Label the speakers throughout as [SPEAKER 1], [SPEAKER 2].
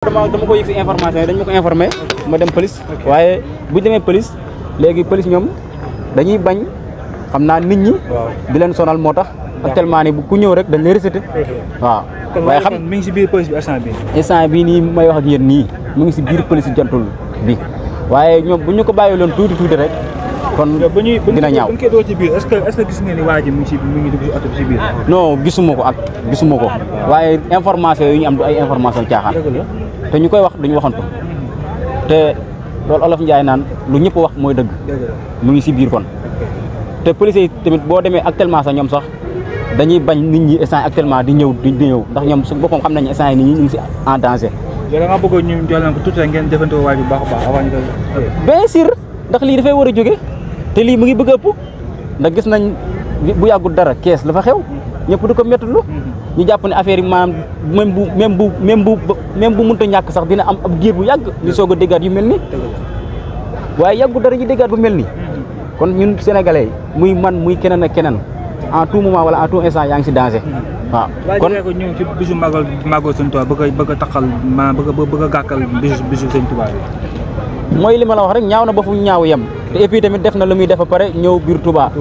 [SPEAKER 1] dama dama ko information dañ ko informé ma dem police waaye buñ demee police léegi police ñoom dañuy bañ xam naa nit ñi di leen sonal moo tax actuellement nii bu ku ñëw rek dañ lay rejeté waaw waaye xam
[SPEAKER 2] mi ngi si biir police bi instant bi
[SPEAKER 1] instant bii may wax yéen nii mu ngi si biir police jantul bi waaye ñoom bu ñu ko bàyyi loon tuuti tuuti rek kon dina ñaaw. est-ce que est-ce que gis ngeen ni waa ji gisuma ko ak gisuma ko waaye information yi ñu am du ay information caaxaan. te ñu koy wax dañu waxantu te loolu olof Njaay naan lu ñëpp wax mooy dëgg. mu ngi si biir kon. te policiers tamit boo demee actuellement sax ñoom sax dañuy bañ nit ñi instant actuellement di ñëw di ñëw ndax ñoom su boppam xam nañu instant ni ñi ñu ngi ci en danger.
[SPEAKER 2] yow da ngaa bëgg ñu ngeen jëfandikoo waay bu baax baax avant ñu
[SPEAKER 1] ndax lii dafay war a jóge te lii mu ngi bëgg ëpp ndax gis nañ bu yàggul dara kees la fa xew ñëpp di ko méttulu ñu jàpp ne affaire yi maanaam même bu même bu même bu même bu mënta ñàkk sax dina am ab giir bu yàgg ñu soog a déggaat yu mel ni waaye yàggul dara ñu déggaat bu mel ni kon ñun sénégalais muy man muy keneen ak keneen en tout moment wala en tout instant yaa ngi si danger
[SPEAKER 2] waaw kon ko ñëw ci bisu màggal màggal sëñ Tuubaa bëgg a bëgg a taxal ma bëgg a bëgg a gàkkal bisu bisu sëñ Tuubaa mooy li ma la wax rek ñaaw na ba fu ñaaw yem te et
[SPEAKER 1] tamit def na lu muy def ba pare ñëw biir Touba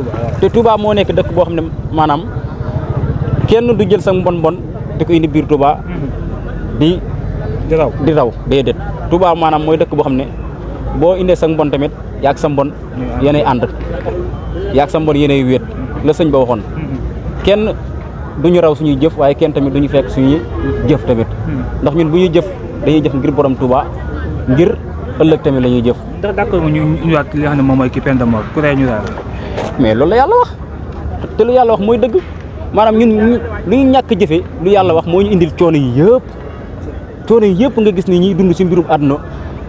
[SPEAKER 1] te Touba moo nekk dëkk boo xam ne maanaam kenn du jël sa mbon mbon di ko indi biir Touba di di raw day raw déedéet Touba maanaam mooy dëkk boo xam ne boo indee sa mbon tamit yaag sa mbon yéenay ànd yaag sa mbon yéenay wéet la sëñ ba waxoon kenn du ñu raw suñuy jëf waaye kenn tamit du ñu fekk suñuy jëf tamit ndax ñun bu ñuy jëf dañuy jëf ngir borom Touba ngir ëlëk tamit lañuy jëf ndax d'accord ñu ñu wat li xamne mom moy ki pendam de mort ku ñu daal mais loolu la wax te lu yalla wax moy dëgg manam ñun lu ñu ñak jëfé lu yalla wax moy ñu indil cionay yëpp coono yëpp nga gis ni ñi dund ci mbirum àdduna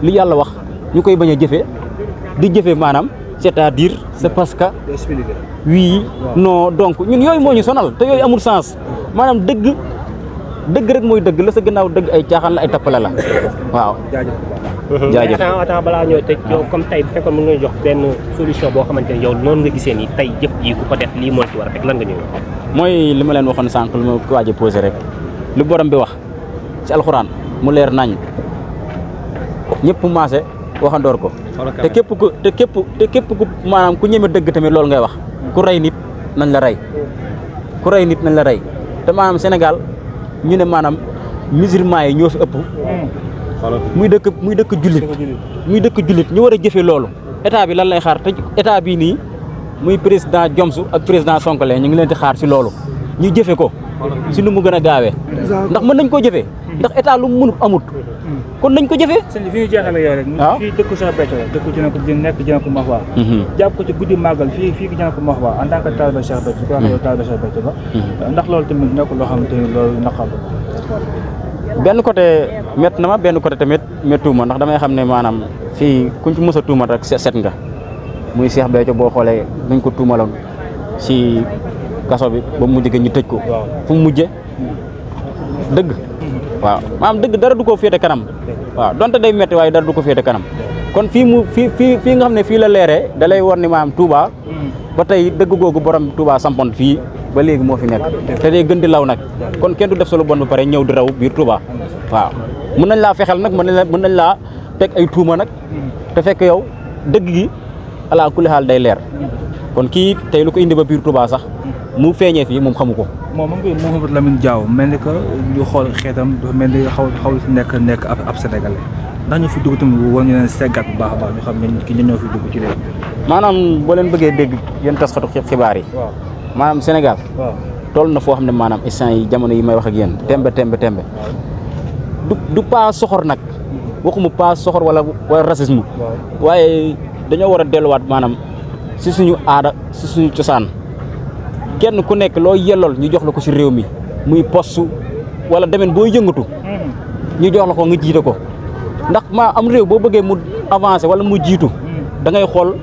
[SPEAKER 1] li yalla wax ñukoy baña jëfé di jëfé manam c'est-à-dire c'est parce que oui non donc ñun yoy moñu sonal te yoy amul sens manam dëgg deug rek moy deug la sa gënaaw deug ay tiaxan la ay tapala la waaw jaajëf attends attends balaa ñëw tëj yow comme tey bu fekkoon mën nga jox benn solution boo xamante ne yow noonu nga gisee ni tey jëf ji ko def lii moo ci war rek lan nga ñuy mooy li ma leen waxoon sànq lu ma ko waaj a posé rek lu borom bi wax ci alxuraan mu leer nañ ñëpp maase waxandoor ko te képp te képp te képp ku maanaam ku ñeme dëgg tamit loolu ngay wax ku rey nit nañ la rey ku rey nit nañ la rey te maanaam Sénégal ñu ne maanaam musulman yi ñoo fi ëpp hmm. muy dëkk muy dëkk jullit muy dëkk jullit ñu war a jëfe loolu état bi lan lay xaar te état bi nii muy président Diomsu ak président Sonkale ñu ngi leen di xaar si loolu ñu jëfe ko si nu mu gën a gaawee ndax mën nañ ko jëfee ndax état lu mu mënut amut hmm.
[SPEAKER 2] kon nañ ko jëfee sëñ bi fi ñu jeexale yow rek ah. fii dëkku Cheikh Béthio la dëkku ko nekk hmm. guddi màggal fii fii jëne ko Mahwa en tant que taalibe Cheikh Béthio ko wax hmm. ndax loolu tamit nekkul loo xamante ni loolu naqal
[SPEAKER 1] benn côté mett na ma benn côté tamit méttuuma ndax damay xam ne maanaam fii kuñ ci mës a tuumal rek set nga muy Cheikh Béthio boo xoolee nuñ ko tuumaloon si kaso bi ba mujj ñu tëj ko fu mujje dëgg waaw maanaam dëgg dara du ko féete kanam waaw donte day métti waaye dara du ko féete kanam kon fii mu fii fii fii nga xam ne fii la leeree da lay war ni maanaam tuubaa mm. ba tey dëgg googu borom tuubaa sampoon fii ba léegi moo fi nekk te day gën di law nag kon kenn du def solo bon ba pare ñëw di raw biir Touba waaw mën nañ laa fexeel nag mën nañ la mën nañ laa teg ay tuuma nag te fekk yow dëgg gi alaa kulli xaal day leer kon kii tey lu ko indi ba biir tubaa sax mu feeñee fii moom xamu ko.
[SPEAKER 2] moom moom Mouhamadou Lamine Diaw mel ni que ñu xool xeetam mel ni xaw xaw si nekk nekk ab Sénégalais ndax ñu fi dugg tamit war ngeen seggat bu xam ne ki ñoo fi dugg ci
[SPEAKER 1] maanaam boo leen bëggee dégg yéen taskatu xibaar yi. manam Senegal, tol na fo xamne manam maanaam instant yi jamono yi may wax ak yeen tembe tembe tembe du du pa soxor nak waxuma pa soxor wala wala racisme waye dañu wara a delluwaat maanaam si suñu aada ci suñu ciosan kenn ku nek lo yelol ñu jox la ko si mi muy poste wala demen boy yëngatu hmm. ñu jox la ko nga jité ko ndax ma am rew bo bëgge mu avancer wala mu jitu hmm. da ngay xol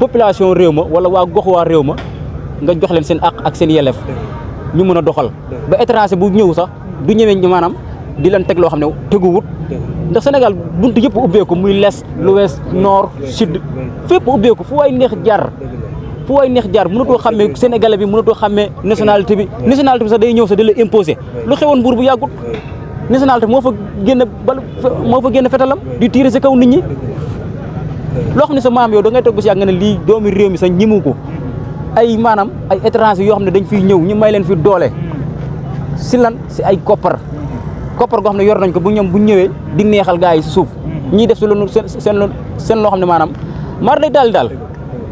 [SPEAKER 1] population réew wala wa gox wa réew nga jox leen seen ak ak seen yelef ñu mëna a doxal ba étranger bu ñëw sax du ñëwee ñu manam di leen tek lo xamné ne teguwut ndax Sénégal yépp ubbé ko muy l'est l'ouest nord sud fépp ko fu way neex jaar fu way neex jaar mënatoo xamé sénégalais bi mënatoo xamé nationalité bi nationalité bi sax day ñëw sax di la imposer lu xewon bur bu yagut nationalité mo fa génn bal mo fa génn fetalam di tirer ci kaw nit ñi lo xamné sa maam yow da ngay toog ba si yàgg nga ne doomi réew mi sax ñimuko ay maanaam ay étrangers yoo xam ne dañ fiy ñëw ñu may leen fi doole si lan si ay koppar koppar goo xam ne yor nañ ko bu ñoom bu ñëwee di neexal gars yi suuf ñiy def si loolu seen seen seen loo xam ne maanaam mar day daal daal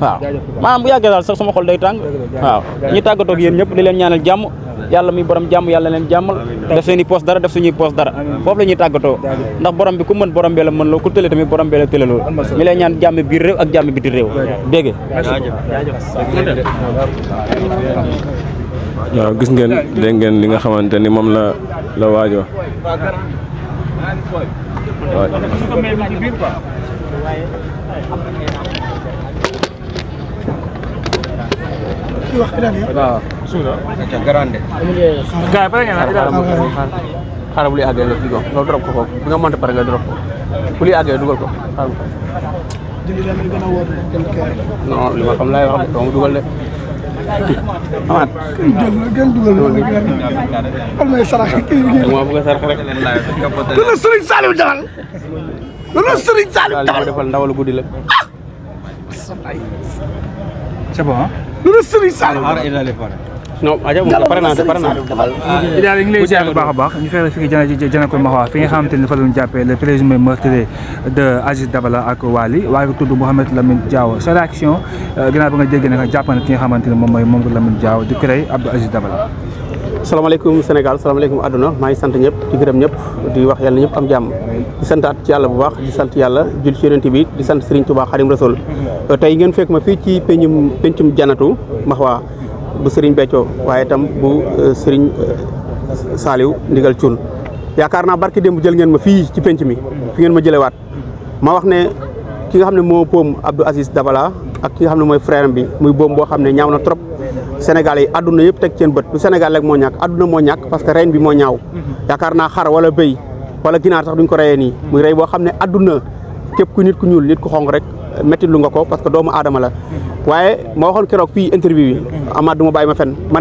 [SPEAKER 1] waaw maanaam bu yàggee daal sax ma xol day tàng waaw ñu tàggatoo ak yéen ñëpp di leen ñaanal jàmm yalla mi borom jamm yalla len jàmmal def seni poste dara def suñu poste dara foofu lañuy tagato ndax borom bi ku mën borom bi la mën lo ku tele tamit borom bi la tele lo mi lay ñaan jamm bi rew ak bi di rew dege ya gis ngeen de ngeen li nga xamanteni mom la la la waaj
[SPEAKER 2] wax waaw sudah. Macam
[SPEAKER 3] grande. Kayak apa yang nanti Kalau beli agak lebih kok, nggak drop kok. Nggak mau dapat agak drop kok. Beli agak dua kok. Kalau. Jadi dalam itu nawar. No, lima kamu lah, dua kali.
[SPEAKER 4] Amat. Jangan dua kali. Kalau saya sarah ini.
[SPEAKER 3] Kamu bukan sarah
[SPEAKER 4] Lu sering salut
[SPEAKER 3] jangan. Lu sering salut jangan. Kalau depan dawal gudi lah. Siapa? Lu sering salut. Harus ilah depan. non aja moom pare naa pare naa daal
[SPEAKER 2] ngi lay ziar bu baax a baax ñu fexe fi nga jana ko Mawa fi nga xamante ni fa lañu jàppee le présumé meurtrier de Aziz Dabala ak Wali waaye ko tudd Mouhamed Lamine Diaw sa réaction euh, gannaaw ba nga dégg nag jàpp na ki nga xamante ni moom mooy moom Lamine Diaw di créé Abdou Aziz Dabala
[SPEAKER 3] salaamaaleykum Sénégal salaamaaleykum àdduna maa ngi sant ñëpp di gërëm ñëpp di wax yàlla ñëpp am jàmm di santaat ci yàlla bu baax di sant yàlla jul ci yonent bi di sant Serigne Touba Xadim Rasul tey ngeen fekk ma fii ci pencum pencum janatu Mahwa bu Serigne Béthio waaye itam bu euh, Serigne euh, Saliou ndigal Thioune yaakaar naa barki bu jël ngeen ma fii ci penc mi fi ngeen ma jëlewaat ma wax ne ki nga xam ne moo poom Abdou Aziz Dabala ak ki nga xam ne mooy frère bi muy boom boo xam ne ñaaw na trop Sénégal yi àdduna yëpp teg seen bët du Sénégal rek moo ñàkk àdduna moo ñàkk parce que reen bi moo ñaaw yaakaar naa xar wala béy wala ginaar sax duñ ko reyee nii muy rey boo xam ne àdduna képp ku nit ku ñuul nit ku xong rek métti nga ko parce que doomu aadama waye mo waxoon kérok fi interview yi amaat du ma bàyyi ma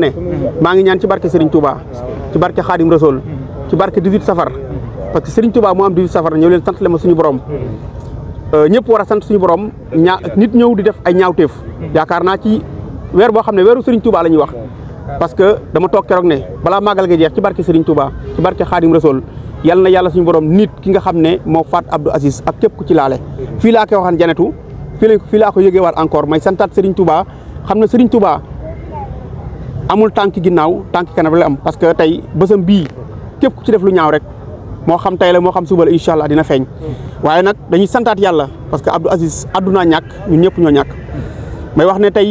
[SPEAKER 3] ma ngi ñaan ci barké Serigne Touba ci barké Khadim Rasoul ci barké 18 safar parce que Serigne Touba mo am 18 safar ñew leen sant le ma suñu borom euh ñepp wara sant suñu borom nit ñew di def ay ñaawteef yaakar na ci wër bo xamné wëru Serigne Touba lañuy wax parce que dama tok kérok né bala magal ga jeex ci barké Serigne Touba ci barké Khadim Rasoul yal na yàlla suñu borom nit ki nga xamné mo fat Abdou Aziz ak képp ku ci laalé fi la ko waxan janetu fi fi la ko yegge war encore may santat serigne touba xamna serigne touba amul tanki ginnaw tanki kanam la am parce que tay beusam bi kep ku ci def lu ñaaw rek mo xam tay la mo xam suba inshallah dina feñ waye nak dañuy santat yalla parce que abdou aziz aduna ñak ñun ñep ñoo ñak may wax ne tay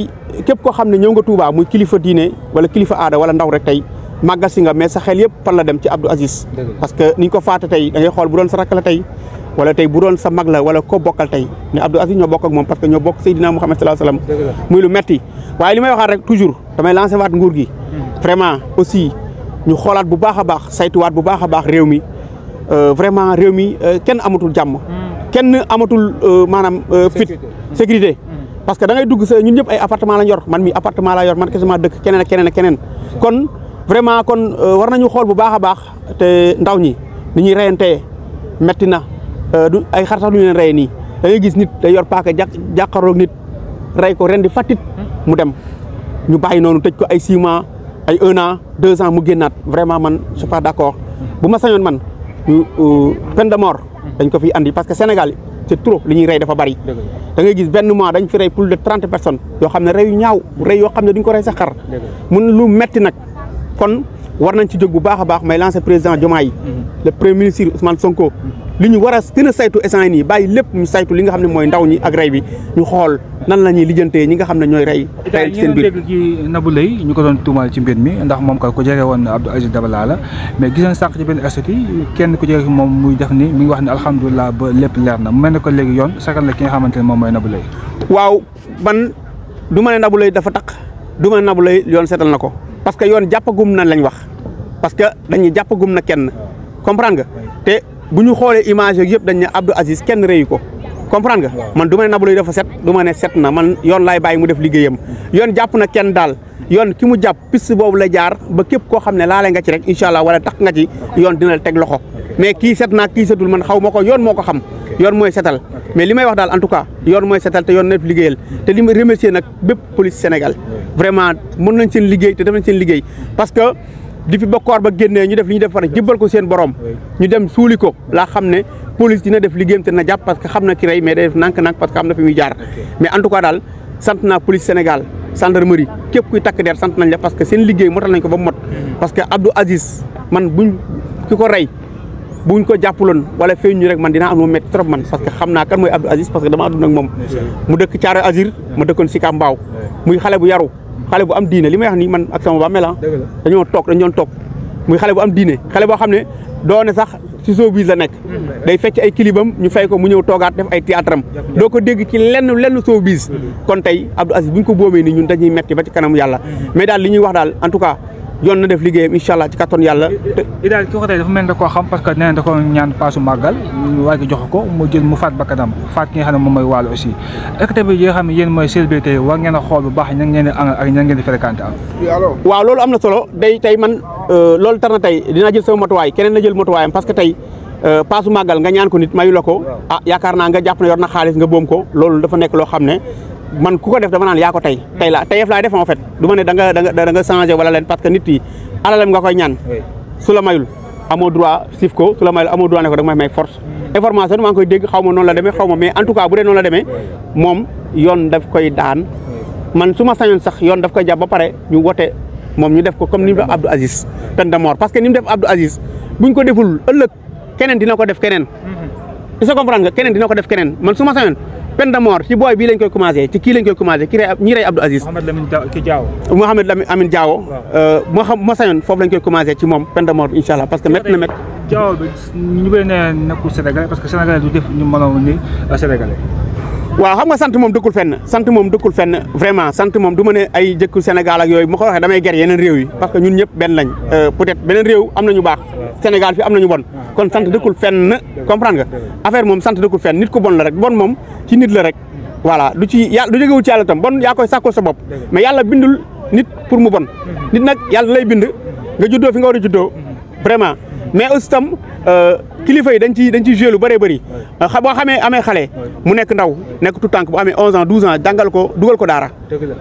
[SPEAKER 3] kep ko xamne ñew nga touba muy kilifa diine wala kilifa aada wala ndaw rek tay magal si nga mais sa xel yep fan la dem ci abdou aziz parce que niñ ko faata tay da ngay xol bu doon sa rakala tay wala tey bu doon sa mag la wala ko bokkal tey ne Abdou Aziz ñoo bokk ak moom parce que ñoo bokk Seydina Mouhamed sallallahu alayhi wasallam muy lu metti waaye li may waxaat rek toujours damay lancer waat nguur gi vraiment aussi ñu xoolaat bu baax a baax saytuwaat bu baax a baax réew mi euh, vraiment rew mi euh, kenn amatul jàmm hmm. kenn amatul euh, maanaam fit sécurité hmm. parce que da dugg sa ñu ñëpp ay appartement lañ yor man mi appartement laa yor man quasiment dëkk keneen keneen ak keneen kon vraiment kon war ñu xool bu baax a baax te ndaw ñi ni ñuy reyantee metti na Eh, ay xar sax du leen rey nii da ngay gis nit da yor paquet jakkaro nit ray ko rendi fatit mu dem ñu bayyi nonu tëj ko ay 6 mois ay 1 an 2 ans mu gennat vraiment man je suis pas d'accord bu ma sañon man euh, peine de mort dañ ko fi andi parce que Sénégal c'est trop li ñuy ray dafa bari. da ngay gis benn mois dañ fi ray plus de 30 personnes yo xamne ne yu ñaaw ray yo xamne duñ ko ray sa xar. mun lu metti nak kon war nañ ci jog bu baaxa baax may lancer président Diomaye mhm. le premier ministre Ousmane Sonko. Mhm. li ñu war a saytu essence yi bàyyi lépp ñu saytu li nga xam ne mooy ndaw ñi ak rey bi ñu xool nan la ñuy lijjantee ñi nga xam ne ñooy rey. tey seen biir
[SPEAKER 2] dégg ci Nabou ñu ko doon tuumaal ci mbir mi ndax moom kat ku jege woon Abdou Aziz Dabala la mais gis nañ sànq ci benn statut kenn ku jege moom muy def ni mi ngi wax ne alhamdulilah ba lépp leer na mu mel ko léegi yoon sakal la ki nga xamante ne moom mooy Nabou Leye. waaw
[SPEAKER 3] man du ma ne Nabou Leye dafa taq du ma ne Nabou Leye na ko parce que yoon jàppagum na lañ wax parce que dañuy jàppagum na kenn comprendre bu ñu xoolee image yooyu yëpp dañ ne Abdou Aziz kenn réyu ko comprendre nga man du ma ne Nabou Leye dafa set du ne set na man yoon laay bàyyi mu def liggéeyam yoon jàpp na kenn daal yoon ki mu jàpp piste boobu la jaar ba képp koo xam ne laale nga ci rek incha allah wala tax nga ci yoon dina la teg loxo mais kii set naa kii setul man xaw ma ko yoon moo ko xam yoon mooy setal mais li may wax daal en tout cas yoon mooy setal te yoon na def liggéeyal te li ma remercier nag bépp police Sénégal vraiment mën nañ seen liggéey te def nañ seen liggéey depuis ba koor ba génnee ñu def li ñu def fan jëbbal ko seen borom ñu dem suuli ko laa xam ne police dina def liggéeyam te na jàpp parce que xam na ki rey mais day def nànk na fi muy jaar mais en tout cas daal sant naa police Sénégal gendarmerie képp kuy takk der sant nañ la parce que seen liggéey motal nañ ko ba mot mm-hmm. parce que Abdou Aziz man buñ ki ko rey buñ ko jàppaloon wala feeñ ñu rek man dina am moom métti trop man parce que xam naa kan mooy Abdou Aziz parce que dama àdduna ak moom mu dëkk Thiaroye Azur ma dëkkoon Sika Mbao muy xale bu yaru xale bu am diine li may wax ni man ak sama ba ah. melan dañoo toog dañu doon toog muy xale bu am diine xale boo xam ne doo ne sax ci showbiz la nekk mm. day fecc ay kilibam ñu fay ko mu ñëw toogaat def ay théâtre am doo ko dégg ci lenn lenn showbiz mm-hmm. kon tey Abdou Aziz bu ñu ko boomee nii ñun dañuy metti ba ci kanam yàlla mm-hmm. mais daal li ñuy wax daal en tout cas yoon na def
[SPEAKER 2] liggéeyam incha allah ci kattan yàlla. Ida ki ko tey dafa mel da koo xam parce que nee na da koo ñaan paasu màggal mooy wàllu aussi est-ce que
[SPEAKER 3] waaw loolu am na solo day tey man euh, loolu tar na tey dina jël sama motuwaay keneen na jël motuwaayam parce que tey euh, paasu màggal nga ñaan ko nit mayu la ko. ah yaakaar naa nga jàpp ne yor na xaalis nga boom ko loolu dafa nekk loo xam ne man kuko def dama nan ya ko tay tay la tayef lay def en fait duma ne da nga da nga da nga wala len parce que nit yi alalam nga koy ñaan su la mayul amo droit siif ko la mayul amo droit ne ko da may may force information ma ngi koy dégg xaw ma la demee xawma mais en tout cas bu dee non la demee mom yon daf koy daan man suma sañon sax yon daf koy ba pare ñu woté mom ñu def ko comme ni Abdou Aziz tan de mort parce que def Abdou Aziz buñ ko deful ëllëg kenen dina ko def kenen Isa mm-hmm. ce que comprendre nga dina ko def kenen man suma sañon peine de mort ci booy bii lañ koy commencé ci kii lañ koy commencé ki rey ñi rey Abdou Aziz. Mouhamed Lamine Diawo. Mouhamed Lamine Amine Diawo. Euh, moo xam moo sañoon parce que métti na métti.
[SPEAKER 2] Diawo bi ñu bëri nee nekkul parce que Sénégalais du def ñu mënoon ni euh, Sénégalais. waaw xam nga sant moom dëkkul fenn sant moom
[SPEAKER 3] dëkkul fenn vraiment sant moom du ma ne ay jëkku Sénégal ak yooyu bu ko waxee damay ger yeneen réew yi parce que ñun ñëpp benn lañ euh, peut-être beneen réew am nañu baax Sénégal fi am nañu bon kon sant dëkkul fenn comprendre nga affaire moom sant dëkkul fenn nit ku bon la rek bon moom ci nit la rek voilà du ci ya du jógewul ci yàlla tam bon yaa koy sàkkoo sa bopp mais yàlla bindul nit pour mu bon nit nag yàlla lay bind nga juddoo fi nga war a juddoo vraiment mais aussi tam euh, kilifa yi dañ ci dañ ci joué lu bëree bëri xa euh, boo xamee amee xale mu nekk ndaw nekk tout tànk bu amee 11 ans 12 ans jàngal ko dugal ko daara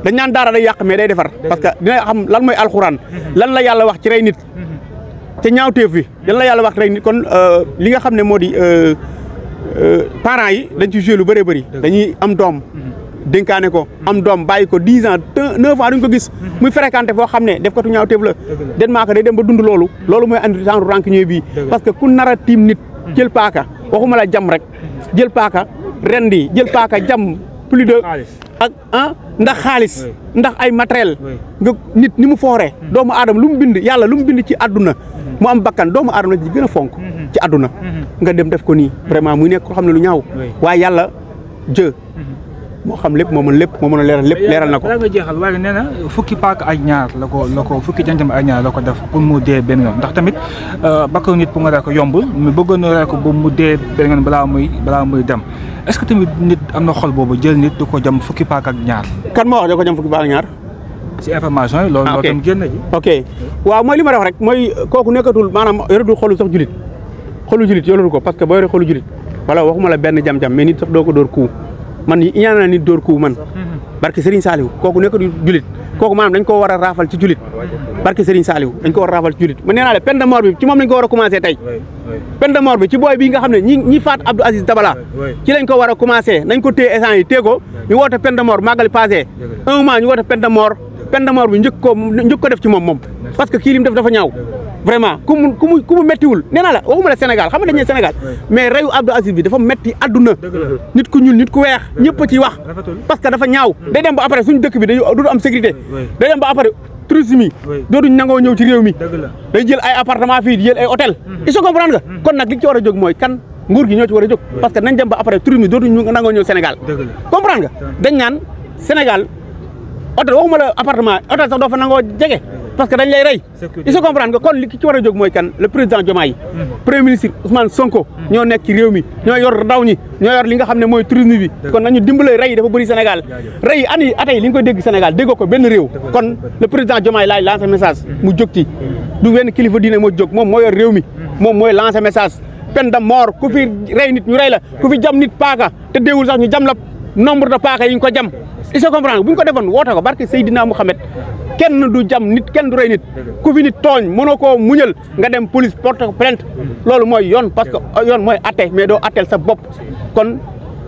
[SPEAKER 3] dañ naan daara day yàq mais day defar parce que dina xam lan mooy alxuraan mhm. lan la yàlla wax ci rey nit mhm. te ñaawteef bi mhm. lan la yàlla wax rey nit kon euh, li nga xam ne moo di parents yi dañ ci joué lu bëree bëri dañuy am doom dénkaane ko am doom bàyyi ko dix ans neuf ans duñ ko gis mhm. muy fréquenté foo xam ne def ko tu ñaaw téef la den maa ko day dem ba dund loolu mhm. loolu mooy andi genre rancunier bi parce que ku nar tiim nit mhm. jël paaka waxuma la jam rek jël paaka ren di jël paaka jam plus de ak ah ndax xaalis ndax ay matériel nga nit ni mu fooree doomu aadama lu mu bind yàlla lu mu bind ci àdduna mu am bakkan doomu aadama la ci gën a fonk ci àdduna nga dem def ko nii vraiment moo xam lépp moo mën lépp moo
[SPEAKER 2] a leeral lépp leeral na ko. balaa nga jeexal na fukki paak ak ñaar la ko la ko fukki jantam ak ñaar la ko def pour mu dee benn yoon ndax tamit euh, bakkanu nit pour nga rey ko yomb mu bëggoon na rey ko mu dee benn balaa muy dem est-ce que tamit nit am na xol boobu jël nit du ko jam fukki paak ak ñaar.
[SPEAKER 3] kan moo wax da ko jam fukki paak ak ñaar. ci information yi. loolu loolu ah, tam génn ji. ok waaw mooy li ma wax rek mooy kooku nekkatul maanaam yoratul xolu sax julit xolu julit ko parce que boo yoree xolu julit wala waxuma la benn jam-jam mais nit sax ko dóor ku man ñaan naa nit dóor ko man barke Serigne Saliou kooku nekk du julit kooku maanaam dañ koo war a raafal ci julit barke Serigne Saliou dañ ko war a raafal ci julit man nee bi ci moom lañ ko war a commencé tey peine bi ci booy bi nga xam ne ñi ñi faat Abdou Aziz Dabala ci lañ ko war a commencé nañ ko téye essence yi téye ko ñu woote peine de mort màggal passé un mois bi njëkk def ci moom moom parce que kii lim dafa ñaaw vraiment ku mu ku mu ku mu méttiwul la waxuma la Sénégal xam nga dañu Sénégal mais reyu Abdou Aziz bi dafa metti aduna nit ku ñuul nit ku wex ñepp ci wax parce que dafa ñaaw mm. day dem ba après suñu dëkk bi dañu am sécurité day dem ba après tourisme yi dootuñ ñew ci réew mi day jël ay appartement fi jël ay hôtel mm. il comprendre nga mm. kon nak li ci wara jog moy kan nguur gi ñoo ci wara jog parce que nañ dem ba après tourisme yi dootuñ ñew ñëw Sénégal comprendre nga dañ naan Sénégal hôtel waxuma la appartement hôtel sax doo fa nangoo jege parce que dañ lay rey il se nga kon li ki ci war mooy kan le président Diomaye hmm. premier ministre Ousmane Sonko hmm. ñoo nekk ci réew mi ñoo yor ndaw ñi ñoo yor li nga xam ne mooy tourisme bi kon nañu dimbale rey dafa bëri Sénégal rey ani atay li nga koy dégg Sénégal déggoo ko benn réew kon le président Diomaye laay lancer message hmm. mu jóg ci du wenn kilifa diine moo jóg moom moo yor réew mi moom mooy lancer message peine de mort ku fi rey nit ñu la ku te déewul sax ñu jam la nombre de paaka yi ko jam il ko defoon woote ko barke Seydina kenn du jam nit kenn du rey nit ku fi nit tooñ mënoo koo muñal nga dem police porte plainte loolu mooy yoon parce que yoon mooy atte mais doo atteel sa bopp kon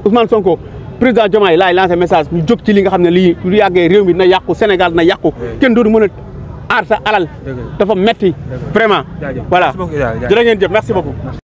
[SPEAKER 3] Ousmane Sonko président Diomaye laay lancé message ñu jóg ci li nga xam ne lii lu yàggee réew mi dina yàqu Sénégal na yàqu kenn dootu mën a aar sa alal dafa metti vraiment voilà jërë ngeen jëf merci